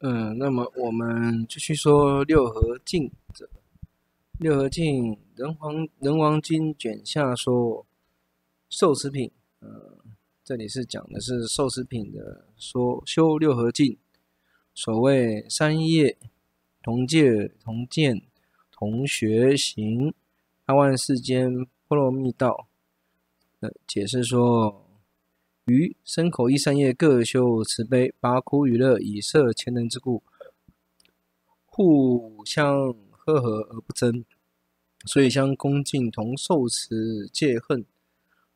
嗯，那麼我們繼續說《六和敬》。《六和敬》，仁王仁王經卷下說，受持品。呃，這裡是講的是受持品的說修六和敬。所謂三業同戒同見同學行，阿萬世間波羅蜜道。呃、嗯，解釋說。於身口意三業，各修慈悲，拔苦與樂以攝千人之故，互相和合而不爭，所以相恭敬，同受持戒恨，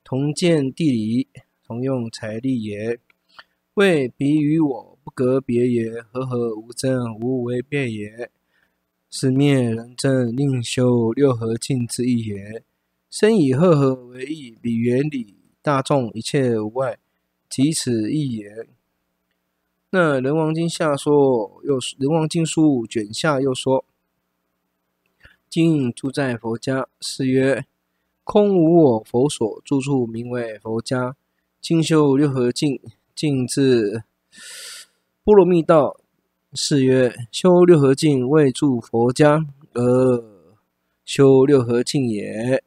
同見地理，同用財力也。為彼與我不隔別也，和合無爭，無為辯也。是滅人爭，另修六和敬之一也。身以和合為義，彼原理大眾一切無礙。即此一言，那人王經下說，又人王經書卷下又說，今住在佛家，是曰空無我佛所住處，名為佛家。經修六合境，境至波羅蜜道，是曰修六合境為住佛家，而、呃、修六合境也。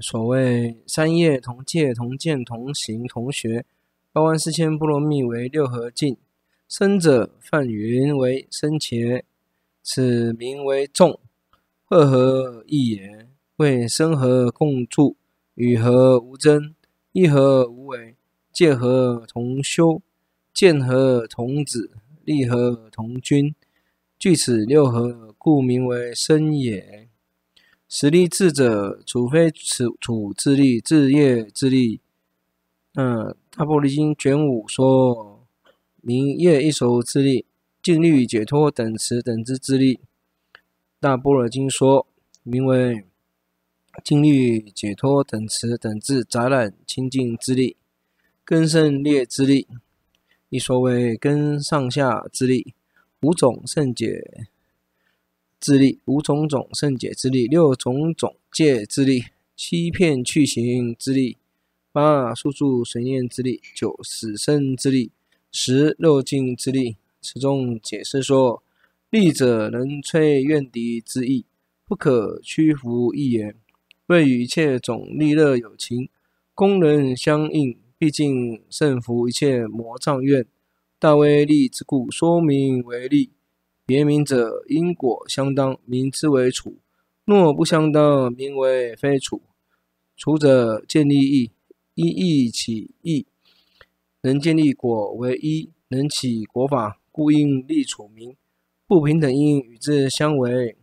所謂三業同戒、同見、同行、同學，八萬四千波羅蜜為六和敬。生者泛云為生前，此名為眾。和合一也，為生和共住，與和無爭，一和無為，戒和同修，見和同解，利和同均，具此六和故名為生也。十力智者，處非處智力、自業智力。嗯、呃，《大般若經》卷五說：“名業異熟智力、靜慮解脫等持等至智力。”《大般若經》說：“名為靜慮解脫等持等至雜染清淨智力、根勝劣智力、亦所謂根上下智力、五種勝解。”智力五種種勝解之力，六種種界之力，七遍趣行之力，八宿住隨念之力，九死生之力，十六境之力。此中解釋說，力者能摧怨敵之意，不可屈服一言，謂與一切種利樂有情，功能相應，畢竟勝伏一切魔障怨。大威力之故，說明為力。別名者，因果相當，名之為處；若不相當，名為非處。處者，建立義，因義起義，能建立果為因，能起果法，故應立處名。不平等因與之相違，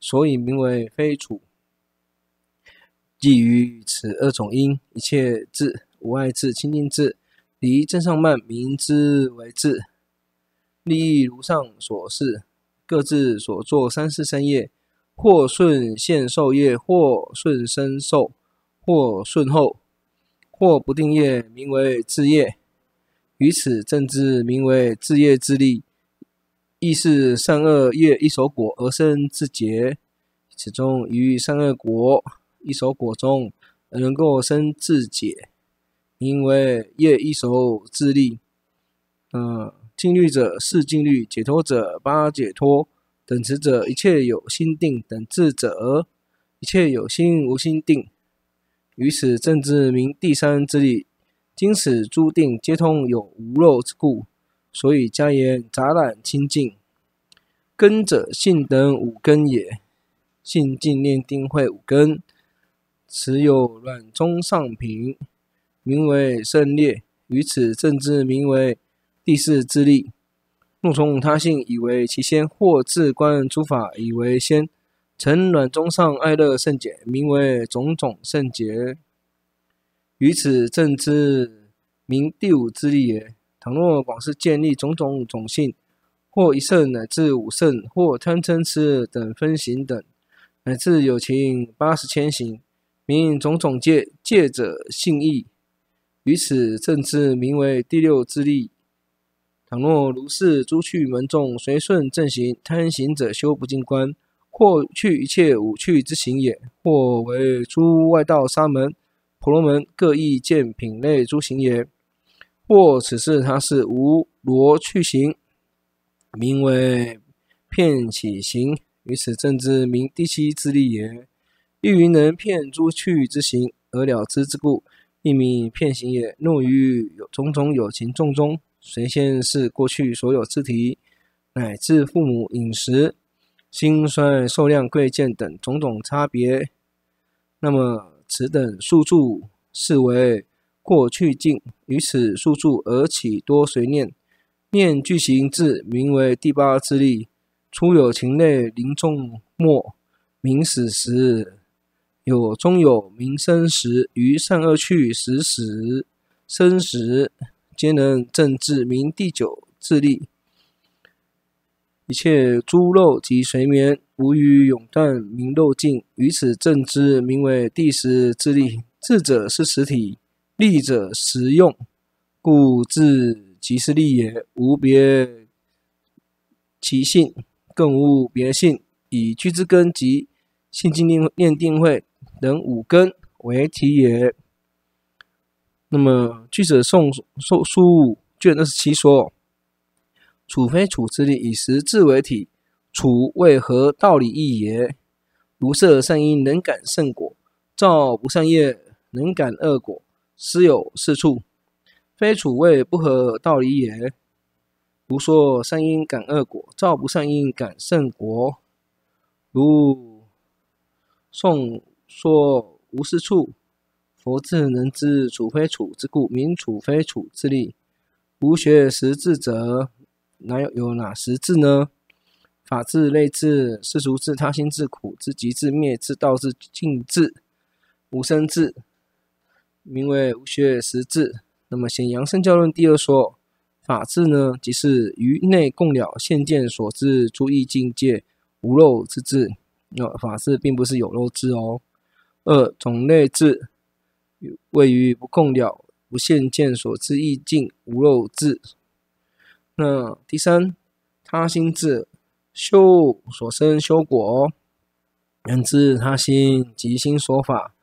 所以名為非處。基於此二種因，一切智、無礙智、清淨智，離正上慢，名之為智。利益如上所示，各自所作三世三業，或順現受業，或順生受，或順後，或不定業，名為自業。於此正知名為自業智力，亦是善惡業異熟果而生智解。此中於善惡果異熟果中，能夠生智解，名為業異熟智力。嗯、呃。靜慮者四靜慮，解脫者八解脫，等持者一切有心定，等至者一切有心無心定。於此正知，名第三之力，今此諸定皆通有無漏之故，所以加言雜染清淨。根者信等五根也，信、進念、定、慧五根，此有軟中上品，名為勝劣。於此正知，名為。第四智力，怒從他性以為其先，或自觀諸法以為先，成軟中上愛樂勝解，名為種種勝解。於此正知，名第五智力也。倘若廣施建立種種種性，或一乘乃至五乘，或貪嗔痴等分行等，乃至有情八十千行，名種種界界者性義。於此正知，名為第六智力倘若如是，諸趣門眾隨順正行貪行者修不淨觀，或去一切五趣之行也；或為諸外道、沙門、婆羅門各異見品類諸行也；或此是他是無羅趣行，名為遍趣行，於此正知名第七智力也。亦云能遍諸趣之行而了之之故，亦名遍行也。若於種種有情眾中，宿住是過去所有自體，乃至父母飲食、心衰、壽量、貴賤等種種差別，那麼此等宿住是為過去境。於此宿住而起多隨念，念俱行智名為第八智力。初有情類，臨終沒名死時，有中有名生時，於善惡趣死時生時，皆能證知，名第九智力。一切諸漏及隨眠，無與永斷，名漏盡。於此正知，名為第十智力，智者是實體，力者實用，故智即是力也，無別其性，更無別性，以居之根及信、精進、念、定、慧等五根為體也。那麼，據《俱舍頌疏》卷二十七說：“處非處之力，以十智為體；處謂合道理義也，如說善因能感善果，造不善業能感惡果，實有是處；非處謂不合道理也。如說善因感惡果，造不善因感善果，如頌說無是處。”佛智能知，處非處之故；名處非處之力。無學十智者，哪有有哪十智呢？法智類智、世俗智、他心智苦、苦智，集智滅、極智、滅智、道智，智、盡智，智、無生智，名為無學十智。那麼《顯揚聖教論》第二說，法智呢，即是於內共了現見所知諸義境界無漏之智。那法智並不是有漏之哦。二、種類智。位於不空了，無限見所知意境無漏智。那第三他心智修所生修果，緣知他心即心所法，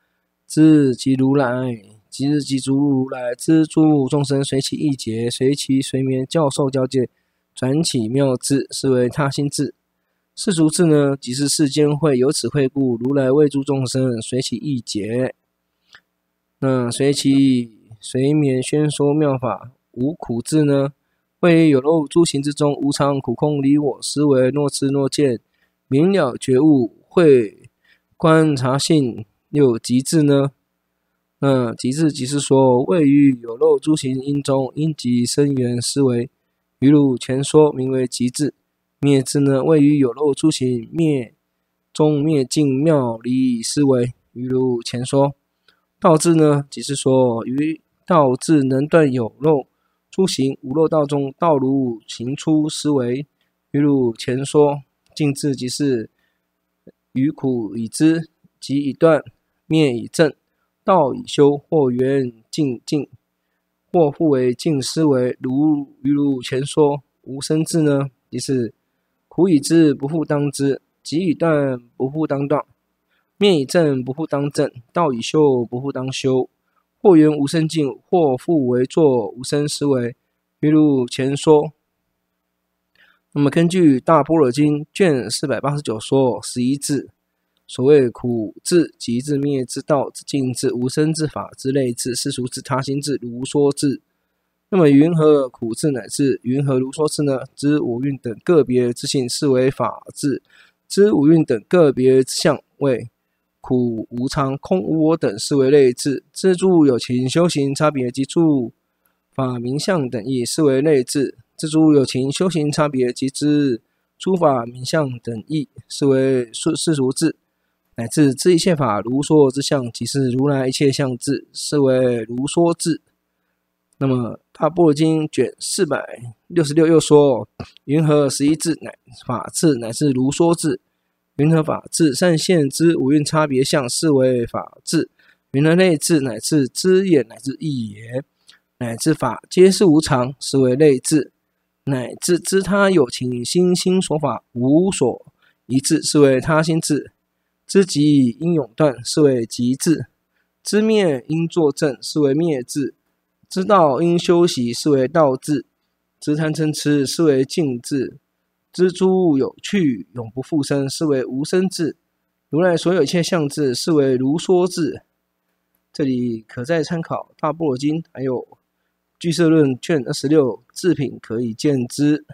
知即如來，即日即足如來知諸眾生隨其意劫，隨其隨眠教授教誡，轉起妙智，是為他心智。世俗智呢？即是世間慧由此慧故，如來為諸眾生隨其意劫。那、嗯、隨其隨免宣說妙法無苦智呢？位於有漏諸行之中，無常苦空離我思維，若知若見，明了覺悟慧觀察性有集智呢？那、嗯、集智即是說位於有漏諸行因中因集生緣思維，比如前說名為集智滅智呢？位於有漏諸行滅中滅靜妙離思維，比如前說。道智呢，即是說於道智能斷有漏，諸行無漏道中，道如行出思維，於如前說。盡智，即是於苦已知，集已斷，滅已證，道已修，或緣盡盡，或復為盡思維，如於如前說。無生智呢，即是苦已知，不復當知，集已斷，不復當斷。滅已證不復當證，道已修不復當修。或緣無生境，或復為作無生思維。譬如前說。那麼根據大波《大般若經》卷四百八十九說十一智，所謂苦智、集智、滅智、道智、盡智、無生智、法智、類智、世俗智、他心智、如說智。那麼云何苦智乃至云何如說智呢？知五蘊等個別之性是為法智，知五蘊等個別相位。苦無常空無我等視為類智，知諸、有情修行差別及諸，即法名相等義視為類智，知諸、有情修行差別及之諸法名相等義視為世俗智，乃至知一切法如說之相，即是如來一切相智，是為如說智。嗯、那麼《大般若經》卷四百六十六又說：云何十一智？乃法智，乃至如說智。云何法智？善現之五蘊差別相，是為法智。云何類智？乃至知眼乃至意也，乃至法，皆是無常，是為類智。乃至知他有情心心所法，無所一致是為他心智。知己應勇斷，是為集智。知滅應作證，是為滅智。知道應修習，是為道智。知貪嗔痴，是為靜智。蜘蛛有趣，永不復生，是為無生智；如來所有一切相智，是為如說智。這裡可再參考《大般若經》，還有《俱舍論》卷二十六智品，可以見之。